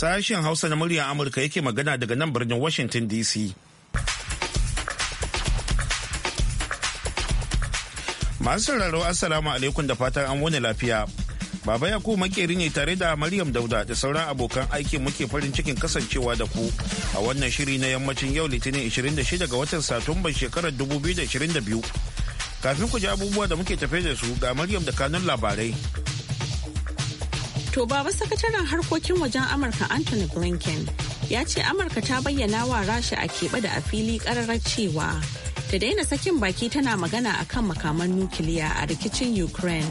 Sashen Hausa na murya Amurka yake magana daga nan birnin Washington DC. Masu sauraro Assalamu alaikum da fatan an wani lafiya. Baba Yakubu makeri ne tare da Maryam Dauda da sauran abokan aiki muke farin cikin kasancewa da ku a wannan shiri na yammacin yau Litinin 26 ga watan Satumban shekarar 2022. Kafin ku ji abubuwa da muke tafe da su ga Maryam da kanun labarai. To baba sakataren harkokin wajen Amurka Anthony Blinken ya ce Amurka ta bayyana wa Rasha a keɓe da a fili ƙararar cewa ta daina sakin baki tana magana a kan makaman nukiliya a rikicin Ukraine.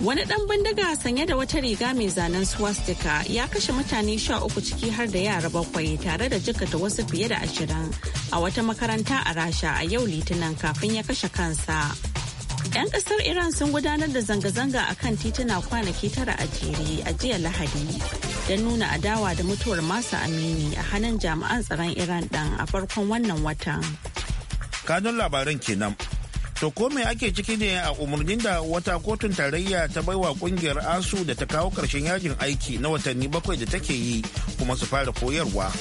Wani ɗan bindiga sanye da wata riga mai zanen swastika ya kashe mutane sha uku ciki har da yara bakwai tare da jikata wasu fiye da ashirin a wata makaranta a Rasha a yau litinin kafin ya kashe kansa. 'Yan kasar Iran sun gudanar da zanga-zanga a kan tituna kwanaki tara a jere a jiya Lahadi don nuna adawa da mutuwar Masa Amini a hannun jami'an tsaron Iran dan a farkon wannan watan. Kanun labaran kenan. To ko me ake ciki ne a umarnin da wata kotun tarayya ta baiwa kungiyar ASU da ta kawo karshen yajin aiki na watanni bakwai da take yi kuma su fara koyarwa.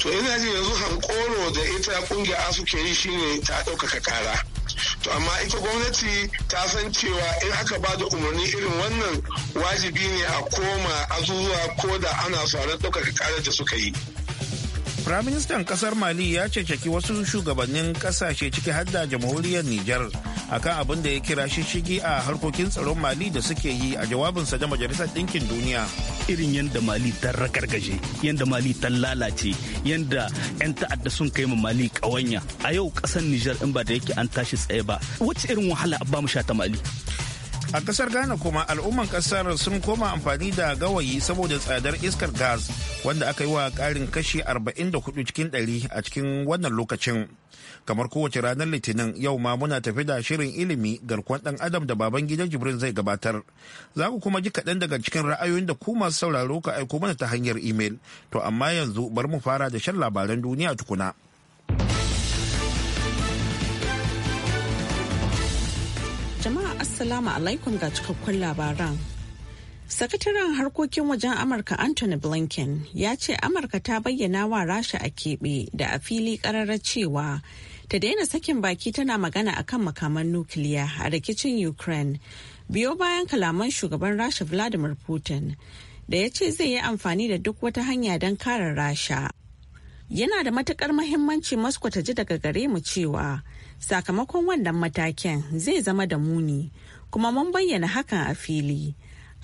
To ina ji yanzu hankoro da ita kungiyar ASU ke yi shine ta ɗaukaka kara. to amma ita gwamnati ta san cewa in aka ba da umarni irin wannan wajibi ne a koma azuzuwa ko da ana tsoron ɗaukar karar da suka yi Firaministan kasar Mali ya ceceki wasu shugabannin kasashe ciki hadda jamhuriyar Nijar akan abin da ya kira shishigi a harkokin tsaron Mali da suke yi a jawabinsa da Majalisar Ɗinkin Duniya. Irin yadda Mali ta rakargaje, yadda Mali ta lalace, yadda 'yan ta'adda sun kai ma Mali kawanya A yau ƙasar Nijar in ba da yake an tashi tsaye ba. Wacce irin wahala a ba mu sha ta Mali? a kasar ghana kuma al'umman kasar sun koma amfani da gawayi saboda tsadar iskar gas wanda aka yi wa karin kashi 44 cikin 100 a cikin wannan lokacin kamar kowace ranar litinin yau ma muna tafi da shirin ilimi garkuwan dan adam da baban gidan jibrin zai gabatar za ku kuma ji kaɗan daga cikin ra'ayoyin da ku masu sauraro ka aiko mana ta hanyar imel to amma yanzu bari mu fara da shan labaran duniya tukuna. Assalamu alaikum ga cikakkun labaran. Sakataren harkokin wajen Amurka Anthony Blinken ya ce Amurka ta bayyana wa Rasha a keɓe da a fili ƙararra cewa ta daina sakin baki tana magana a kan makaman nukiliya a rikicin Ukraine biyo bayan kalaman shugaban Rasha Vladimir Putin da ya ce zai yi amfani da duk wata hanya don kare Rasha. Yana da matukar muhimmanci Moscow ta ji daga gare mu cewa sakamakon wannan matakin zai zama da muni kuma mun bayyana hakan a fili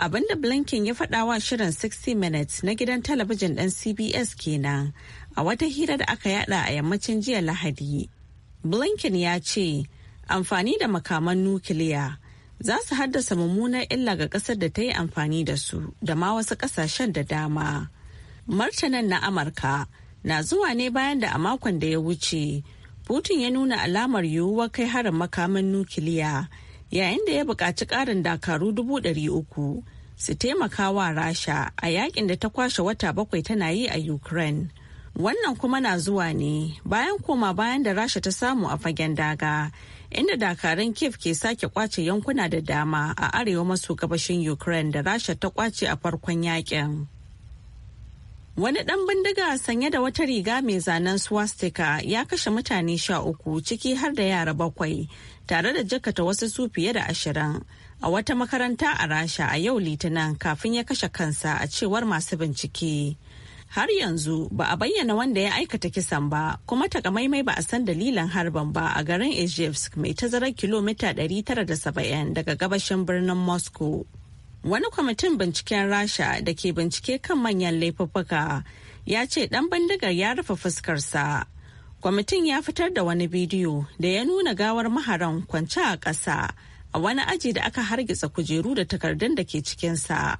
abinda blinken ya faɗa wa shirin 60 minutes na gidan talabijin ɗan cbs kenan a wata hira da aka yada a yammacin jiya lahadi blinken ya ce amfani da makaman nukiliya za su haddasa mummunar illa ga ƙasar da ta yi amfani da su da ma wasu ƙasashen da dama martanan na amurka na zuwa ne bayan da a makon da ya wuce Putin ya nuna alamar yiwuwar kai harin makaman nukiliya yayin da ya buƙaci ƙarin dakaru dubu ɗari uku su taimaka wa Rasha a yakin da ta kwashe wata bakwai tana yi a Ukraine. Wannan kuma na zuwa ne bayan koma bayan da Rasha ta samu a fagen daga inda dakarun Kiev ke sake kwace yankuna da dama a arewa maso gabashin Ukraine da Rasha ta kwace a farkon yakin. Wani ɗan bindiga sanye da wata riga mai zanen swastika ya kashe mutane sha uku ciki har da yara bakwai tare da jakata wasu su fiye da ashirin a wata makaranta a rasha a yau litinin kafin ya kashe kansa a cewar masu bincike. Har yanzu ba a bayyana wanda ya aikata kisan ba kuma takamaimai ba a san dalilin harban ba a garin Ijevsk mai tazarar kilomita 970 daga gabashin birnin Moscow. wani kwamitin binciken rasha da ke bincike kan manyan laifuffuka ya ce dan bindigar ya rufe fuskarsa kwamitin ya fitar da wani bidiyo da ya nuna gawar maharan kwance a ƙasa a wani aji da aka hargitsa kujeru da takardun da ke cikinsa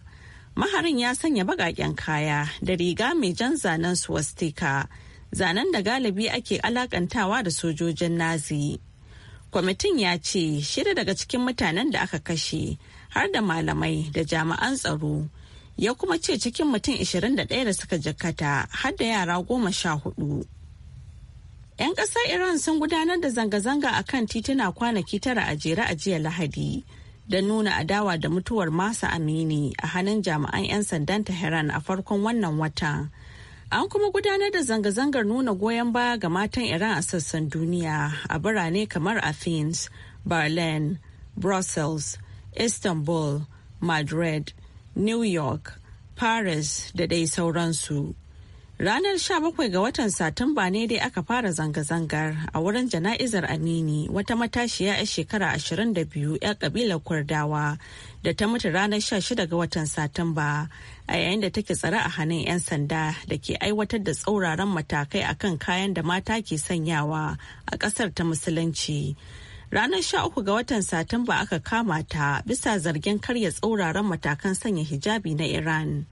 maharin ya sanya bagaƙen kaya da riga mai jan zanen swastika zanen da galibi ake alakantawa da sojojin nazi kwamitin ya ce shida daga cikin mutanen da aka kashe har da malamai da jami'an tsaro ya kuma ce cikin mutum 21 da suka jakata har da yara goma sha hudu. 'Yan kasar Iran sun gudanar da zanga-zanga a kan tituna kwanaki tara a jere a jiya Lahadi da nuna adawa da mutuwar Masa Amini a hannun jami'an 'yan sandan Tehran a farkon wannan wata. An kuma gudanar da zanga-zangar nuna goyon baya ga matan Iran a sassan duniya a birane kamar Athens, Berlin, Brussels, istanbul madrid new york paris da dai sauransu ranar 17 ga watan satumba ne dai aka fara zanga-zangar a wurin jana'izar amini wata matashiya a shekara 22 'yar ƙabilar kurdawa da ta mutu ranar 16 ga watan satumba a yayin da take tsare a hannun 'yan sanda da ke aiwatar da tsauraran matakai akan kayan da mata ke sanyawa a kasar ta musulunci Ranar uku ga watan Satumba aka kama ta bisa zargin karya tsauraran matakan sanya hijabi na Iran.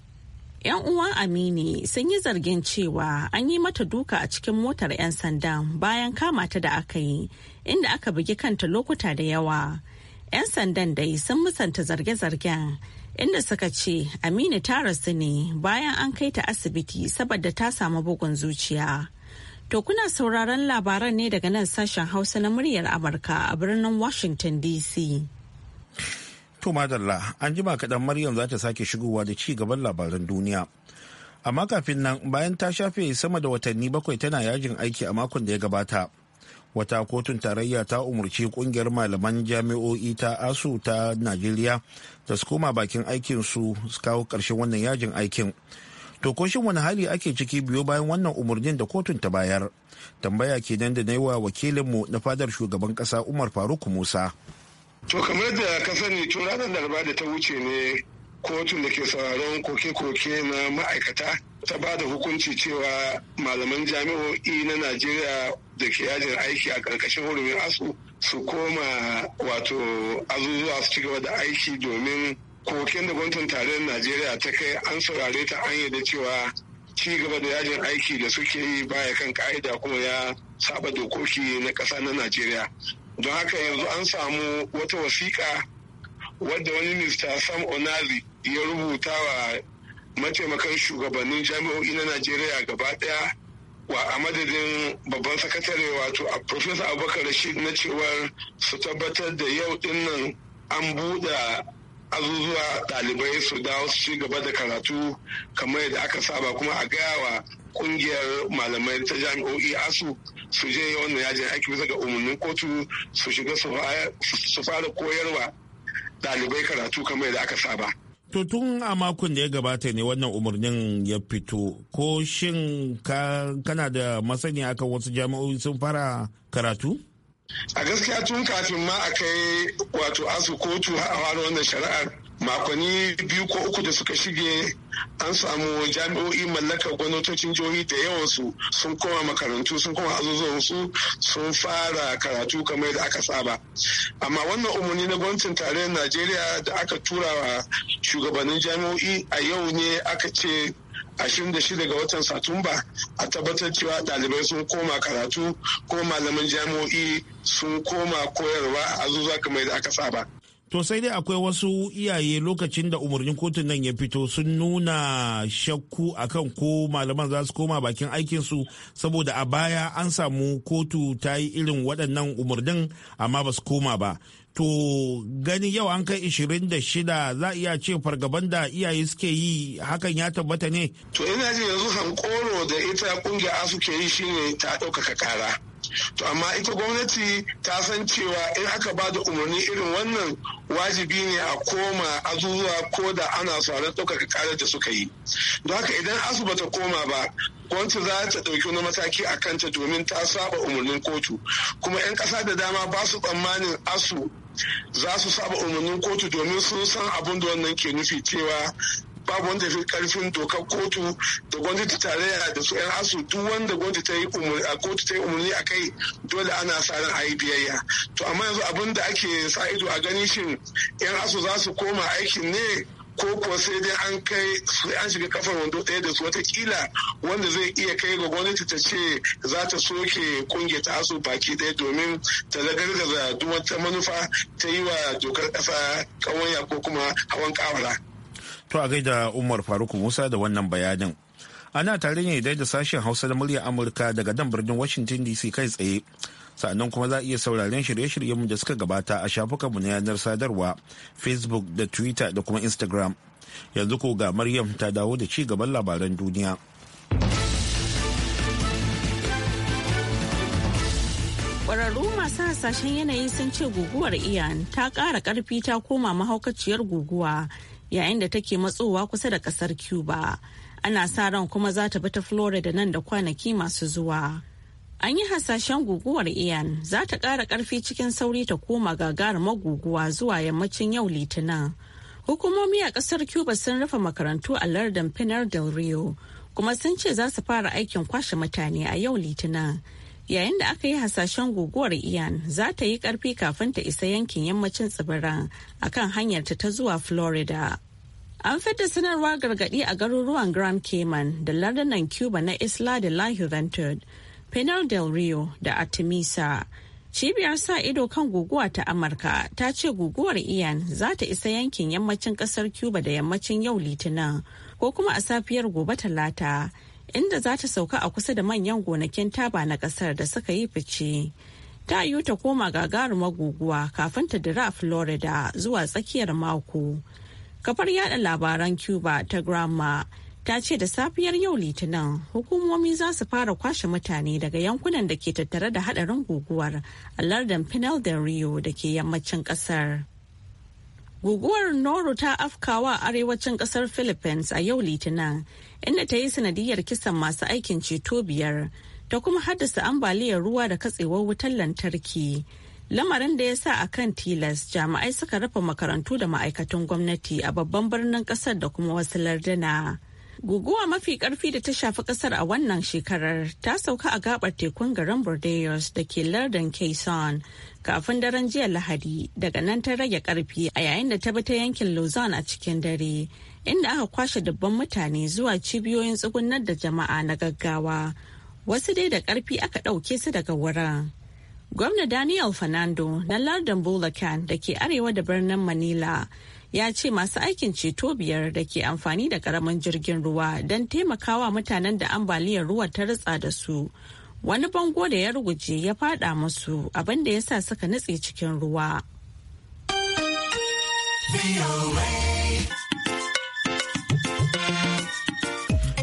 'Yan uwan Amini sun yi zargin cewa an yi mata duka a cikin motar 'yan sandan bayan kama ta da aka yi, inda aka bugi kanta lokuta da yawa. 'Yan sandan dai sun musanta zarge-zargen. inda suka ce aminu ta rasu ne bayan an kai ta asibiti saboda ta samu bugun zuciya To kuna sauraron labaran ne daga nan sashen Hausa na muryar Amurka a birnin Washington DC. To madalla, an jima kaɗan Maryam za ta sake shigowa da ci gaban labaran duniya. Amma kafin nan bayan ta shafe sama da watanni bakwai tana yajin aiki a makon da ya gabata. Wata kotun tarayya ta umarci kungiyar malaman jami'o'i ta ASU ta Najeriya da su koma bakin aikinsu su kawo ƙarshen wannan yajin aikin. To ko shin wani hali ake ciki biyo bayan wannan umarnin da kotun ta bayar? Tambaya ke nan da na yi wa wakilinmu na fadar shugaban kasa Umar Faruk Musa. To kamar da ka sani to ranar laraba da ta wuce ne kotun da ke sauraron koke-koke na ma'aikata ta ba da hukunci cewa malaman jami'o'i na Najeriya da ke yajin aiki a karkashin hurumin asu su koma wato azuzuwa su ci gaba da aiki domin koken da gwamnatin tarayyar najeriya ta kai an saurare ta an da cewa ci gaba da yajin aiki da suke yi baya kan ka'ida kuma ya saba dokoki na ƙasa na najeriya don haka yanzu an samu wata wasiƙa wadda wani minista sam onazi ya rubuta wa mataimakan shugabannin jami'o'i na najeriya gaba ɗaya wa a madadin babban sakatare wato a professor abubakar rashid na cewar su tabbatar da yau dinnan an buɗe azuzuwa ɗalibai su dawo su ci gaba da karatu kamar yadda aka saba kuma a gaya wa kungiyar malamai ta jami'o'i asu su je wannan yajin aiki bisa ga umarnin kotu su shiga su fara koyarwa dalibai karatu kamar yadda aka saba. To tun a makon da ya gabata ne wannan umarnin ya fito ko shin kana da masani akan wasu jami'o'i sun fara karatu? a gaskiya tun kafin ma a kai wato asu kotu a wani wannan shari'ar makonni biyu ko uku da suka shige an samu jami'o'i mallakar gwamnatocin jihohi da yawansu sun koma makarantu sun koma su sun fara karatu kamar da aka saba amma wannan umarni na gwamnatin tarayyar najeriya da aka tura wa shugabannin jami'o'i a yau ne aka ce 26 ga watan satumba a tabbatar cewa ɗalibai sun koma karatu ko malaman jami'o'i sun koma koyarwa a zuwa kamar da aka saba To sai dai akwai wasu iyaye lokacin da umarnin kotun nan ya fito sun nuna shakku akan ko malaman za su koma bakin aikinsu saboda a baya an samu kotu ta yi irin waɗannan umarnin amma ba su koma ba. To gani yau an kai 26 za iya ce fargaban da iyaye suke yi hakan ya tabbata ne? To ina ji yanzu hankoro da ita kungiya suke yi shine ta ɗaukaka ƙara. to amma ita gwamnati ta san cewa in aka ba da umarni irin wannan wajibi ne a koma azuzuwa ko da ana sauran ɗaukar karar da suka yi don haka idan asu ta koma ba gwamnati za ta ɗauki wani mataki a kanta domin ta saba umarnin kotu kuma 'yan ƙasa da dama ba su tsammanin asu za su saba umarnin kotu domin sun san abin da wannan ke nufi cewa babu wanda fi karfin dokar kotu da gwamnati tarayya da su yan asu duk wanda gwamnati ta yi kotu ta yi umarni a kai dole ana sa ran a yi biyayya to amma yanzu abin da ake sa ido a gani shin yan asu za su koma aikin ne ko kuwa sai dai an kai sai an shiga kafar wando ɗaya da su watakila wanda zai iya kai ga gwamnati ta ce za ta soke kungiyar ta asu baki ɗaya domin ta zagargaza duk wata manufa ta yi wa dokar ƙasa kawanya ko kuma hawan ƙawara. To a gaida Umar Faruk Musa da wannan bayanin. Ana tare ne da sashen Hausa da murya Amurka daga dan birnin Washington DC kai tsaye. Sa'annan kuma za a iya sauraren shirye-shiryenmu da suka gabata a shafukanmu na yanar sadarwa, Facebook da Twitter da kuma Instagram. Yanzu ko ga Maryam ta dawo da ci gaban labaran duniya. kwararru masu hasashen yanayi sun ce guguwar iyan ta kara ƙarfi ta koma mahaukaciyar guguwa yayin da take matsowa kusa da kasar cuba ana sa ran kuma za ta bi ta florida nan da kwanaki masu zuwa an yi hasashen guguwar ian za ta ƙara ƙarfi cikin sauri ta koma gagarumar guguwa zuwa yammacin yau litinin hukumomi a ƙasar cuba sun rufe makarantu a lardin pinar del rio kuma sun ce za su fara aikin kwashe mutane a yau litinin yayin da aka yi hasashen guguwar iyan za ta yi karfi kafin ta isa yankin yammacin tsibiran a kan hanyarta ta zuwa florida an fidda sanarwa gargadi a garuruwan grand cayman da lardunan cuba na isla de la juventud penal del rio da artemisa cibiyar sa ido kan guguwa ta amurka ta ce guguwar iyan za ta isa yankin yammacin kasar cuba da yammacin yau litinin ko kuma a safiyar gobe talata inda za ta sauka a kusa da manyan gonakin taba na kasar da suka yi fice. Ta yi ta koma gagarumar guguwa kafin ta dira Florida zuwa tsakiyar mako. Kafar yada labaran Cuba ta Grandma ta ce da safiyar yau litinin hukumomi za su fara kwashe mutane daga yankunan da ke tattare da hadarin guguwar a lardin Pinal del Rio da ke yammacin kasar. Guguwar Noro ta afkawa arewacin kasar Philippines a yau Litinin, inda ta yi sanadiyar kisan masu aikin ceto biyar, ta kuma haddasa ambaliyar ruwa da katsewar wutar lantarki. Lamarin da ya sa a kan tilas jami'ai suka rufe makarantu da ma'aikatan gwamnati a babban birnin kasar da kuma wasu lardana. Guguwa mafi karfi da ta shafi kasar a wannan shekarar ta sauka a gabar tekun garin Bordeaux da ke lardin Quezon kafin daren jiya Lahadi daga nan ta rage karfi a yayin da ta bi ta yankin Luzon a cikin dare inda aka kwashe dubban mutane zuwa cibiyoyin tsugunar da jama'a na gaggawa wasu dai da karfi aka ɗauke su daga wurin. Gwamna Daniel Fernando na lardin Bulacan da ke arewa da birnin Manila ya ce masu aikin ceto biyar da ke amfani da karamin jirgin ruwa don taimakawa mutanen da ambaliyar ruwa ta ritsa da su wani bango da ya ruguje ya fada musu abinda ya sa suka nutse cikin ruwa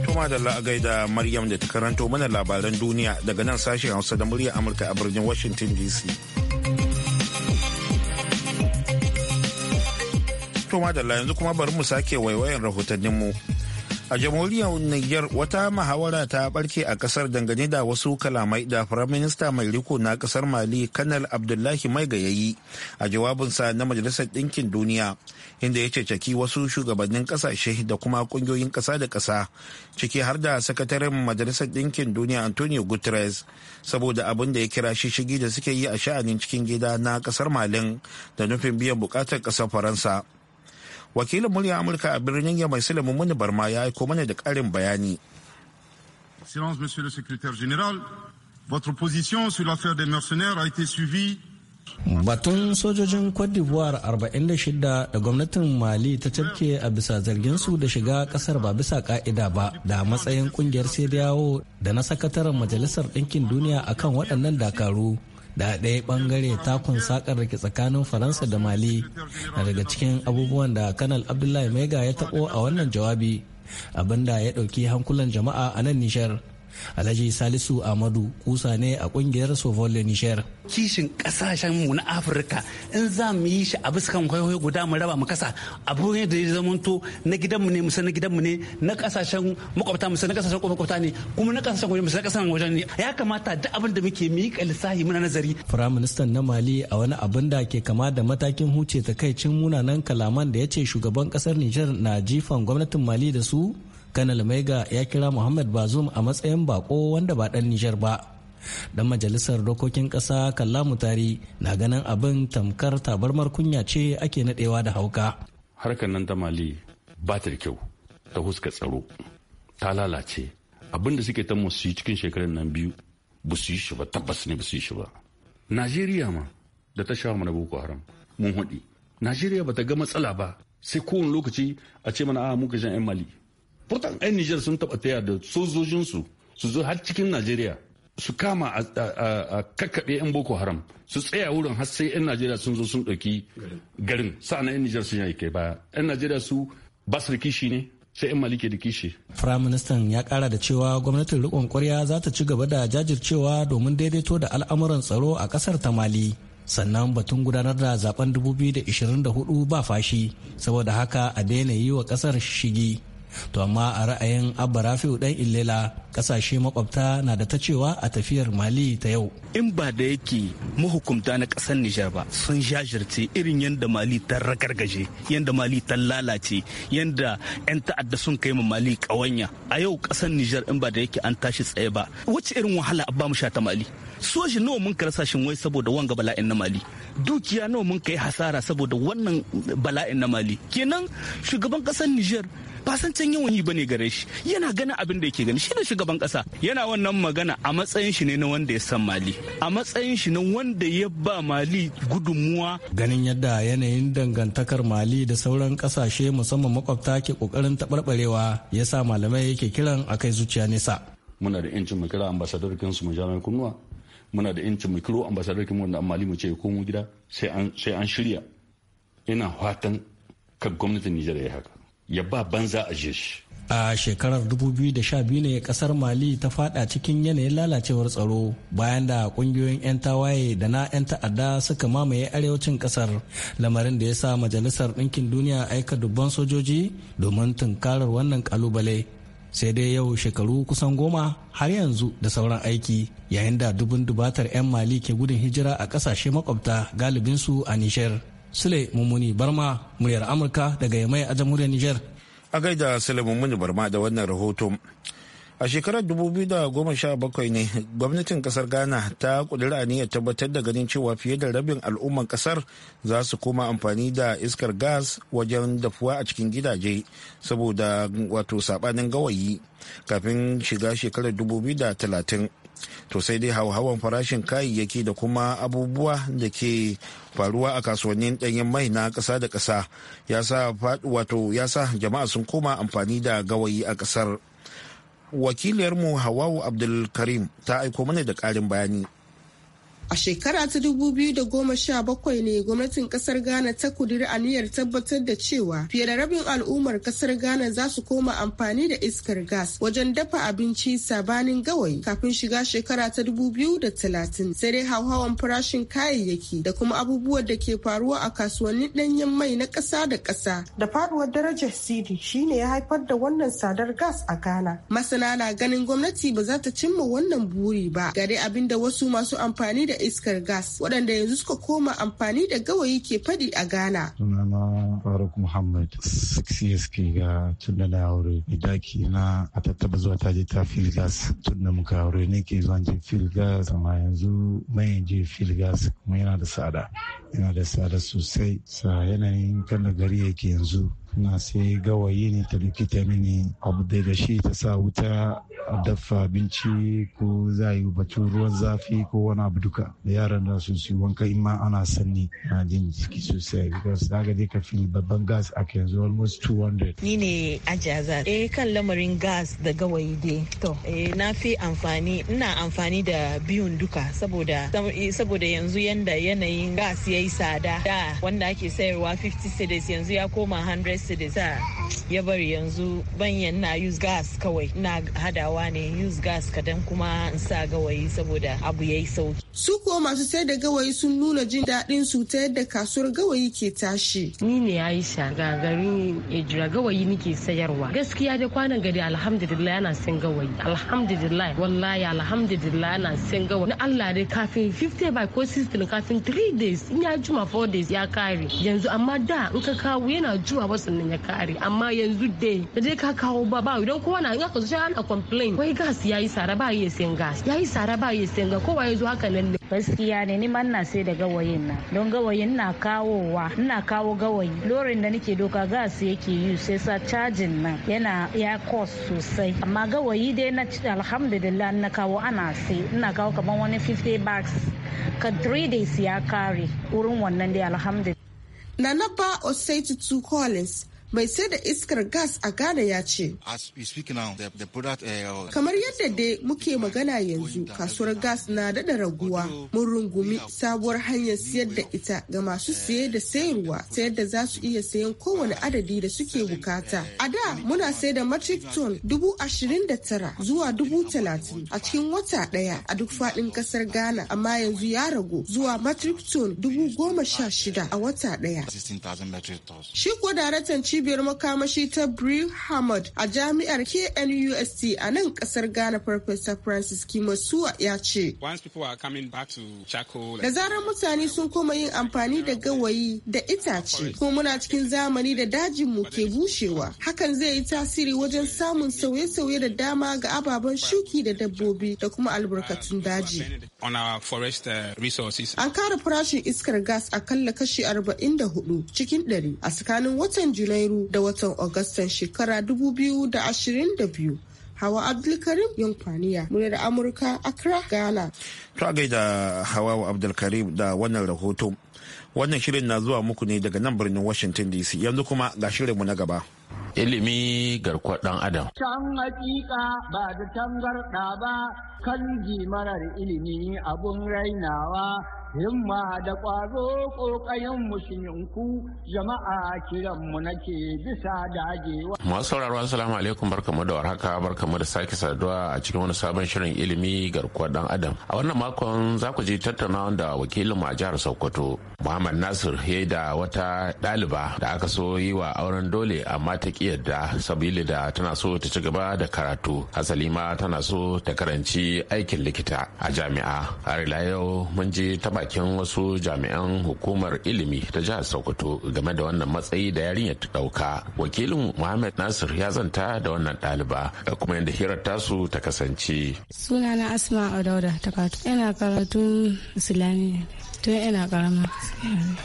kuma da la'agai da maryam da ta karanto mana labaran duniya daga nan sashen hausa da murya amurka a birnin washington dc to madalla yanzu kuma bari mu sake waiwayan mu A jamhuriyar Niger wata mahawara ta barke a kasar dangane da wasu kalamai da firaminista mai riko na kasar Mali Kanal Abdullahi Mai yayi a jawabinsa na Majalisar Ɗinkin Duniya inda ya cecaki wasu shugabannin kasashe da kuma kungiyoyin ƙasa da ƙasa ciki har da sakataren Majalisar Ɗinkin Duniya Antonio Guterres saboda abin da ya kira shishigi da suke yi a sha'anin cikin gida na kasar Malin da nufin biyan buƙatar ƙasar Faransa. wakilin murya amurka a birnin yamai sulaimu muni barma ya aiko mana da karin bayani silence monsieur le votre position sur l'affaire des mercenaires Batun sojojin Cote d'Ivoire 46 da gwamnatin Mali ta tafke a bisa zarginsu da shiga kasar ba bisa ka'ida ba da matsayin kungiyar sai da na sakataren Majalisar Ɗinkin Duniya akan waɗannan dakaru da ɗaya ɓangare takun sakar rike tsakanin faransa da mali na daga cikin abubuwan da kanal abdullahi mega ya taɓo a wannan jawabi abinda ya ɗauki hankulan jama'a a nan nishar Alhaji Salisu Amadu kusa ne a kungiyar Sovolle niger Kishin kasashen mu na Afirka in za mu yi shi a kan kwaikwayo guda mu raba mu kasa abu ne da ya to na gidanmu ne musa na gidanmu ne na kasashen makwabta musa na kasashen makwabta ne kuma na kasashen waje musa na kasashen wajen ne ya kamata duk abin da muke mu yi lissahi muna nazari. Firayim Ministan na Mali a wani abin da ke kama da matakin huce takaicin munanan kalaman da ya ce shugaban kasar Nijar na jifan gwamnatin Mali da su kanal maiga ya kira muhammad bazoum a matsayin bako wanda ba dan nijar ba dan majalisar dokokin kasa kallamu tari na ganin abin tamkar tabarmar kunya ce ake nadewa da hauka harkar nan ta mali ba ta kyau ta huska tsaro ta lalace abin da suke ta su cikin shekarun nan biyu ba su yi shi ba tabbas ne ba su yi shi ba najeriya ma da ta sha mana boko haram mun hudi najeriya ba ta ga matsala ba sai kowane lokaci a ce mana a ah, muka jan yan mali Furtan 'yan Nijar sun taba taya da sojojinsu su zo har cikin Najeriya su kama a kakkaɓe 'yan Boko Haram su tsaya wurin har sai 'yan Najeriya sun zo sun ɗauki garin sa'an 'yan Nijar sun yi kai baya 'yan Najeriya su bas ne sai 'yan Maliki da kishi. Firaministan ya kara da cewa gwamnatin riƙon ƙwarya za ta ci gaba da jajircewa domin daidaito da al'amuran tsaro a ƙasar ta Mali. sannan batun gudanar da zaben 2024 ba fashi saboda haka a daina yi wa ƙasar shigi to amma a ra'ayin abba rafi'u dan illela kasashe makwabta na da ta cewa a tafiyar mali ta yau in ba da yake mahukumta na kasar nijar ba sun jajirce irin yadda mali ta ragargaje yadda mali ta lalace yadda yan ta'adda sun kai ma mali kawanya a yau kasar nijar in ba da yake an tashi tsaye ba wacce irin wahala ba mu sha ta mali soji nawa mun karsa shin wai saboda wanga bala'in na mali dukiya nawa mun kai hasara saboda wannan bala'in na mali kenan shugaban kasar nijar ba san can yawan yi bane gare shi yana ganin abin da yake gani shi ne shugaban kasa yana wannan magana a matsayin shi ne na wanda ya san mali a matsayin shi na wanda ya ba mali gudunmuwa ganin yadda yanayin dangantakar mali da sauran kasashe musamman makwabta ke kokarin taɓarɓarewa ya sa malamai yake kiran akai zuciya nesa muna da yancin mu kira ambasadar kinsu mu jami'an kunnuwa muna da yancin mu kiro ambasadar kinmu wanda mali mu ce komo gida sai an shirya ina fatan ka gwamnatin Nijar ya haka ya ba banza a shi. a shekarar 2012 ne kasar mali ta fada cikin yanayin lalacewar tsaro bayan da kungiyoyin 'yan tawaye da na 'yan ta'adda suka mamaye arewacin kasar lamarin da ya sa majalisar ɗinkin duniya aika dubban sojoji domin tunkarar wannan kalubale sai dai yau shekaru kusan goma har yanzu da sauran aiki yayin da dubin dubatar 'yan mali ke gudun hijira a ƙasashe makwabta galibinsu a nishar Sule Mummuni Barma muryar Amurka daga Yamai a jamhuriyar Niger. A gaida Sule Mummuni Barma da wannan rahoton. A shekarar 2017 ne gwamnatin kasar Ghana ta kudura aniyar tabbatar da ganin cewa fiye da rabin al'umman kasar za su koma amfani da iskar gas wajen dafuwa a cikin gidaje saboda wato sabanin gawayi kafin shiga shekarar 2030. to sai dai hauhawan farashin kayayyaki da kuma abubuwa da ke faruwa a kasuwannin ɗanyen mai na ƙasa da ƙasa ya sa wato ya sa jama'a sun koma amfani da gawayi a ƙasar wakiliyarmu hawawu abdulkarim ta aiko mana da ƙarin bayani A shekara ta 2017 ne gwamnatin kasar Ghana ta kudiri aniyar tabbatar da cewa fiye da rabin al'ummar kasar Ghana za su koma amfani da iskar gas wajen dafa abinci sabanin gawayi kafin shiga shekara ta 2030 sai dai hauhawan farashin kayayyaki da kuma abubuwan da ke faruwa a kasuwannin danyen mai na ƙasa da ƙasa. Da faduwar darajar CD shine ya haifar da wannan sadar gas a Ghana. Masana na ganin gwamnati ba za ta cimma wannan buri ba gare abin da wasu masu amfani da da iskar gas waɗanda yanzu suka koma amfani da gawayi ke fadi a Ghana. Sunana Faruk Muhammad six years ke ga tun da na aure idaki na a tattaba zuwa ta je ta fil gas tun da muka aure ne ke zuwa je fil gas amma yanzu mai je fil gas kuma yana da tsada yana da tsada sosai sa yanayin kan gari yake yanzu na sai gawayi ne ta likita mini abu daga shi ta sa wuta a dafa abinci ko za yi batu ruwan zafi ko wani abu duka da yaran da su su wanka in ma ana sanni na jin jiki sosai because daga dai ka fi babban gas a zuwa almost 200 ni ne ajaza eh kan lamarin gas da gawayi dai to eh na fi amfani ina amfani da biyun duka saboda saboda yanzu yanda yanayin gas yayi tsada da wanda ake sayarwa 50 cedis yanzu ya koma 100 sa ya bari yanzu banyan na use gas kawai na hadawa ne use gas kadan kuma in sa gawayi saboda abu ya yi sauki. Su kuwa masu sayar da gawayi sun nuna jin daɗin su ta yadda kasuwar gawayi ke tashi. Ni ne Aisha ga ya jira gawayi nake sayarwa. Gaskiya da kwanan gari alhamdulillah yana san gawayi. Alhamdulillah wallahi alhamdulillah yana san gawayi. Na Allah dai kafin 50 by ko 60 kafin 3 days in ya juma 4 days ya kare. Yanzu amma da in ka kawo yana juwa wasu nan ya kare amma yanzu dai da dai ka kawo ba ba idan kowa na ga aka ana complain wai gas ya yi sara ba ya sayan gas ya yi sara ba ya sayan gas kowa ya zo haka nan ne. gaskiya ne ni na sai da gawayin na don gawayin na kawowa ina kawo gawayi lorin da nake doka gas yake yi sai sa cajin nan yana ya cost sosai amma gawayi dai na alhamdulillah na kawo ana sai ina kawo kamar wani 50 bags ka 3 days ya kare wurin wannan dai alhamdulillah Nanaba two Collins mai sai da iskar gas a Ghana ya ce. Eh, oh, Kamar yadda dai muke magana yanzu kasuwar gas na daɗa raguwa mun rungumi sabuwar hanyar siyar da ita ga masu siye da sayarwa ta yadda za su iya sayan kowane adadi da suke bukata. A da muna sai da metric ton dubu ashirin da tara zuwa dubu talatin a cikin wata ɗaya a duk faɗin ƙasar Ghana amma yanzu ya ragu zuwa metric ton dubu goma sha shida a wata ɗaya. Shi ko daraktan cibiyar makamashi ta Brew Hamad a jami'ar KNUST a nan kasar Ghana Professor Francis Kimasuwa ya ce. Da zarar mutane sun koma yin amfani da gawayi da itace kuma muna cikin zamani da dajin mu ke bushewa. Hakan zai yi tasiri wajen samun sauye-sauye da dama ga ababen shuki da dabbobi da kuma albarkatun daji. Uh, An kara farashin iskar gas a kalla kashi 44 cikin 100 a tsakanin watan Julai janairu da watan agustan shekara 2022 Hawa Abdulkarim Yankwaniya, da Amurka, Accra, Ghana. To a gaida Hawa Abdulkarim da wannan rahoto. Wannan shirin na zuwa muku ne daga nan birnin Washington DC. Yanzu kuma ga shirinmu na gaba. Ilimi garkuwar ɗan Adam. Can hakika ba da tangarɗa ba kan marar ilimi abun rainawa himma da ƙwazo ƙoƙayen musulunku jama'a kiranmu nake bisa dagewa. Masu sauraro assalamu alaikum barkamu da warhaka barkamu da sake saduwa a cikin wani sabon shirin ilimi garkuwar dan adam. A wannan makon za ku ji tattaunawa da wakilin a jihar Sokoto Muhammad Nasir ya da wata ɗaliba da aka so yi wa auren dole amma ta ki yadda sabili da tana so ta ci gaba da karatu asali ma tana so ta karanci aikin likita a jami'a har ila yau mun je ta bakin wasu jami'an hukumar ilimi ta jihar sokoto game da wannan matsayi da yarinyar ta dauka wakilin muhammad nasir ya zanta da wannan ɗaliba da kuma yadda hirar tasu ta kasance sunana asma odauda ta katu yana karatun islami tun ina karama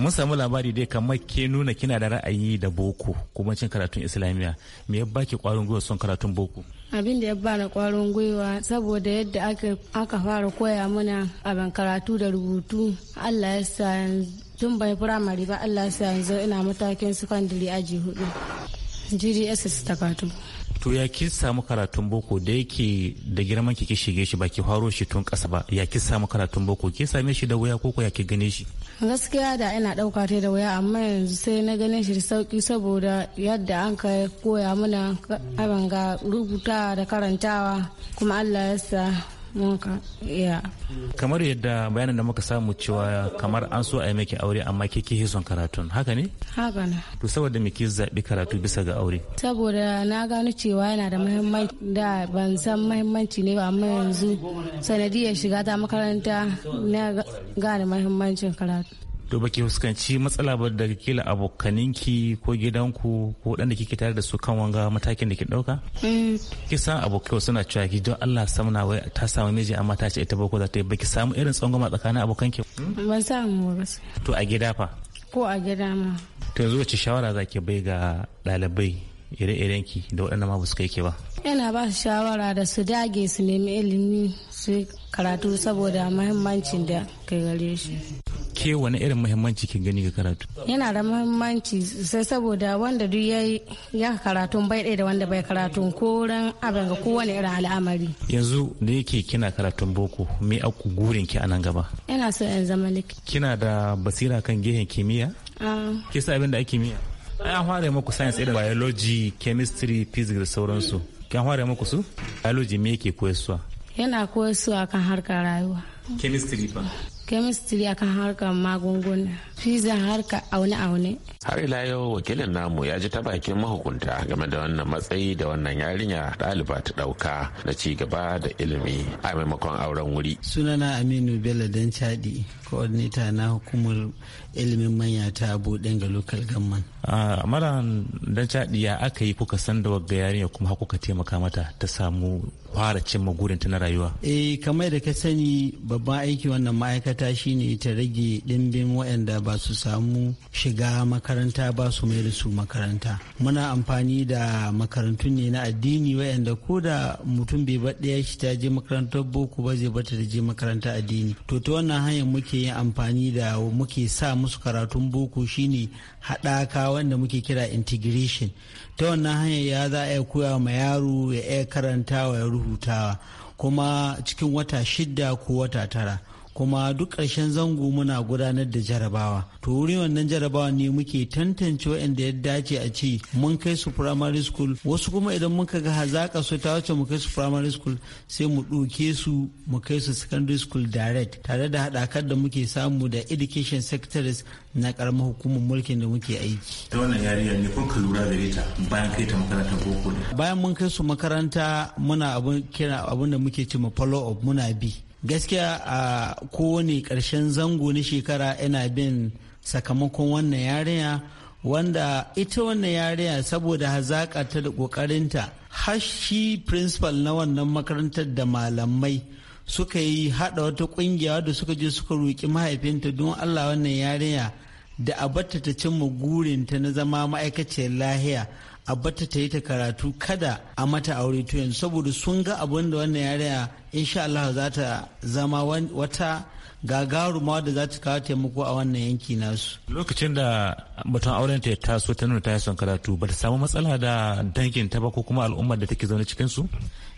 mun samu labari dai kamar ke nuna kina da ra'ayi da boko kuma cin karatun islamiyya me ya baki kwarin gwiwa son karatun boko abin da ya bani kwarin gwiwa saboda yadda aka fara koya mana abin karatu da rubutu allah ya sa tun bai firamare ba allah ya sa yanzu ina matakin sakandare aji hudu jiri ss ta kato to ya ki samu karatun boko da yake da girman ki shige shi ba ki faro shi tun kasa ba ya ki samu karatun boko ki same shi da wuya ko ya ki gane shi gaskiya da ina dauka ta da wuya amma yanzu sai na gane shi da sauki saboda yadda an ka koya mana abin rubuta da karantawa kuma Allah ya sa kamar yadda bayanin da muka samu cewa kamar an so a yi maki aure amma ke ke son karatun haka ne haka na to saboda me ke zaɓi karatu bisa ga aure saboda na gano cewa yana da muhimmanci da ban san muhimmanci ne ba amma yanzu sanadiyar shiga ta makaranta na gane muhimmancin karatu to ba ki fuskanci matsala ba daga kila abokaninki ko gidanku ko dan da kike tare da su kan wanga matakin da ke dauka eh. ki san abokai suna cewa ki don Allah na wai ta samu miji amma ta ce ita ba ko za ta yi baki samu irin tsangwama tsakanin abokanki hmm? ban samu ba to a gida fa ko a gida ma to yanzu wace shawara zaki bai ga ɗalibai ire-iren ki da waɗannan ma ba su kai ke ba yana ba su shawara da su dage su nemi ilimi su karatu saboda mahimmancin da kai gare shi ke wani irin muhimmanci ke gani ga karatu yana da muhimmanci sai saboda wanda duk ya ya karatu bai ɗaya da wanda bai karatu ko ran abin ga kowane irin al'amari yanzu da yake kina karatun boko me aku gurin ki a nan gaba ina so in zama likita kina da basira kan gehen kimiyya ah. ke sa abin da ake miya ai an fara muku science da biology chemistry physics da sauransu kin fara muku su biology me yake koyarwa yana koyarwa kan harkar rayuwa chemistry ba chemistry a kan harkar magunguna fiza harka aune-aune har ila yau wakilin namu ya ji ta bakin mahukunta game da wannan matsayi da wannan yarinya ɗaliba ta ɗauka na ci gaba da ilimi a maimakon auren wuri sunana aminu bello dan chadi coordinator na hukumar ilimin manya ta buɗe ga local government a mara dan chadi ya aka yi kuka san da wagga yarinya kuma ka taimaka mata ta samu fara cimma gurinta na rayuwa eh kamar da ka sani babban aiki wannan ma'aikata shi ne ta rage ɗimbin waɗanda ba su samu shiga makaranta ba su mai da su makaranta muna amfani da makarantu ne na addini waɗanda ko da mutum bai ba ɗaya shi ta je makarantar boko ba zai bata da je makaranta addini to ta wannan hanyar muke yin amfani da muke sa musu karatun boko shine haɗaka wanda muke kira integration ta wannan hanyar ya za a koya ma yaro ya iya karantawa ya rubutawa kuma cikin wata shida ko wata tara kuma duk ƙarshen zango muna gudanar da jarabawa to wurin wannan jarabawa ne muke tantance waɗanda ya dace a ce mun kai su primary school wasu kuma idan muka ga hazaƙa su ta wace mu kai su primary school sai mu ɗauke su mu kai su secondary school direct tare da haɗakar da muke samu da education secretaries na ƙaramar hukumar mulkin da muke aiki. ta wannan yariyar ne kun ka lura da ita bayan kai ta makarantar boko ne. bayan mun kai su makaranta muna abin kira abin da muke ce ma follow up muna bi gaskiya a kowane ƙarshen zango na shekara ina bin sakamakon wannan yarinya wanda ita wannan yarinya saboda hazaƙa ta da ƙoƙarinta har shi principal na wannan makarantar da malamai suka yi haɗa wata ƙungiya da suka je suka roƙi mahaifinta don allah wannan yarinya da a ta cimma gurinta na zama ma'aikaciyar lahiya a bata ta yi ta karatu kada a mata aure to yanzu saboda sun ga abin da wannan yariya insha Allah za ta zama wata gagaruma da za ta kawo taimako a wannan yanki nasu. Lokacin da batun auren ta taso ta nuna ta yi son karatu ba ta samu matsala da dangin ta ba ko kuma al'ummar da take zaune cikin su?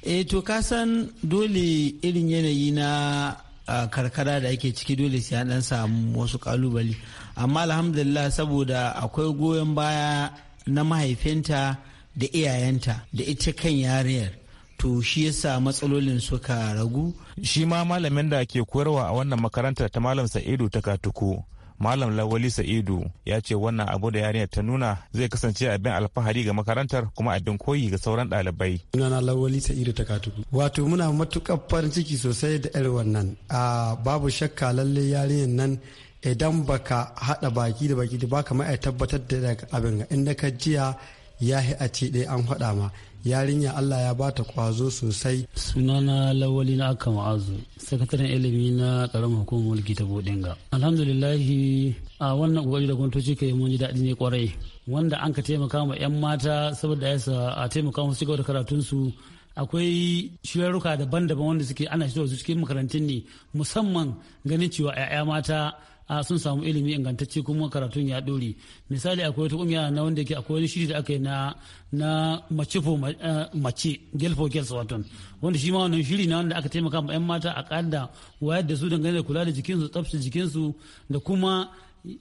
Eh to ka san dole irin yanayi na karkara da ake ciki dole sai an dan samu wasu kalubale amma alhamdulillah saboda akwai goyon baya na mahaifinta da iyayenta da ita kan yariyar to shi yasa matsalolin suka ragu shi ma malamin da ke koyarwa a wannan makarantar ta malam sa'idu ta katuku malam lawali sa'idu ya ce wannan abu da yarinyar ta nuna zai kasance abin alfahari ga makarantar kuma abin koyi ga sauran ɗalibai. na lawali sa'idu ta katuku wato muna matukar farin ciki sosai da irin wannan a ah, babu shakka lalle yarinyar nan idan baka hada baki da baki da baka ma tabbatar da abin inda ka jiya ya yi a ce ɗaya an faɗa ma yarinya Allah ya ba ta kwazo sosai. sunana lawali na aka ma'azu sakataren ilimi na karamar hukumar mulki ta bodinga alhamdulillah a wannan ƙoƙari da gwamnatoci ka yi mun ji daɗi ne kwarai wanda an ka taimaka ma 'yan mata saboda ya sa a taimaka musu cigaba da karatunsu akwai shirarruka daban-daban wanda suke ana shirya su cikin makarantun ne musamman ganin cewa 'ya'ya mata a sun samu ilimi ingantacce kuma karatun ya dore misali akwai wata kungiya na wanda ke akwai wani shiri da aka yi na na mace fo eh, mace girl for girls wato wanda shi ma wannan shiri na wanda aka taimaka ma yan mata a kanda wayar da su dangane da kula da jikinsu tsaftace jikinsu da kuma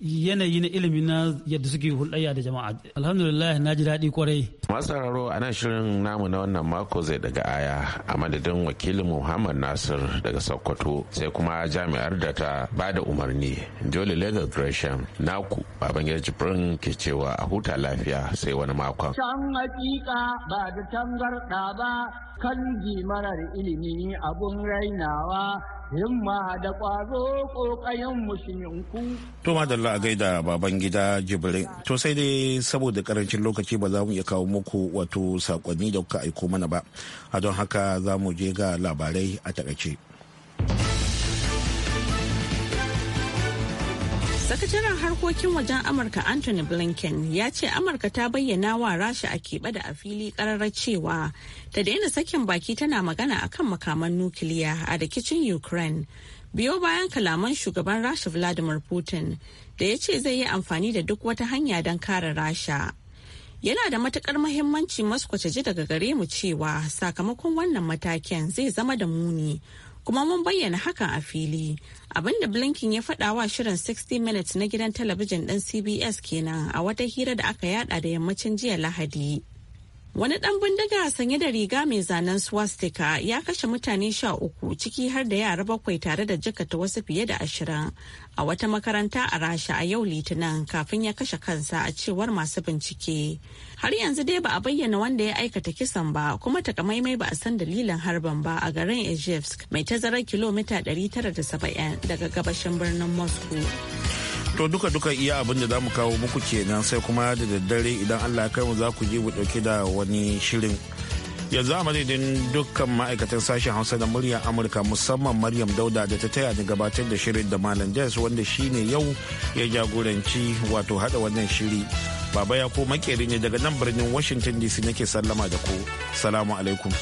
yanayi na ilimi na yadda suke hulɗayya da jama'a alhamdulillah na ji daɗi kwarai masu sauraro a nan shirin namu na wannan mako zai daga aya a madadin wakilin muhammad nasir daga sokoto sai kuma jami'ar da ta ba da umarni jolly Legas gresham naku baban jibrin ke cewa a huta lafiya sai wani makon can hakika ba da tangarɗa ba kan marar ilimi abun rainawa himma da ƙwazo ƙoƙayen musulminku madalla a gaida baban gida jibrin to sai dai saboda karancin lokaci ba za mu iya kawo muku wato sakonni da kuka aiko mana ba a don haka za mu je ga labarai a takaice sakataren harkokin wajen amurka anthony blinken ya ce amurka ta bayyana wa rasha a keɓe da a fili ƙararrar cewa ta daina sakin baki tana magana akan makaman nukiliya a rikicin ukraine biyo bayan kalaman shugaban rasha vladimir putin da ya ce zai yi amfani da duk wata hanya don kare rasha yana da matukar mahimmanci moscow ta ji daga gare mu cewa sakamakon wannan matakin zai zama da muni kuma mun bayyana hakan a fili abinda blinken ya faɗa wa shirin 60 minutes na gidan talabijin ɗin cbs kenan a wata hira da aka yada da yammacin jiya lahadi Wani ɗan bindiga sanye da riga mai zanen swastika ya kashe mutane sha uku ciki har da yara bakwai tare da jikata wasu fiye da ashirin a wata makaranta a rasha a yau litinin kafin ya kashe kansa a cewar masu bincike. Har yanzu dai ba a bayyana wanda ya aikata kisan ba kuma takamaimai ba a san dalilin harban ba a garin Ejevsk mai tazarar kilomita 970 daga gabashin birnin Moscow. to duka duka iya abin da zamu kawo muku kenan sai kuma da daddare idan Allah ya kai mu za ku je mu dauke da wani shirin yanzu a madadin dukkan ma'aikatan sashen hausa da muryar amurka musamman maryam dauda da ta taya da gabatar da shirin da malam jess wanda shine yau ya jagoranci wato hada wannan shiri baba ya ko makeri ne daga nan birnin washington dc nake sallama da ku salamu alaikum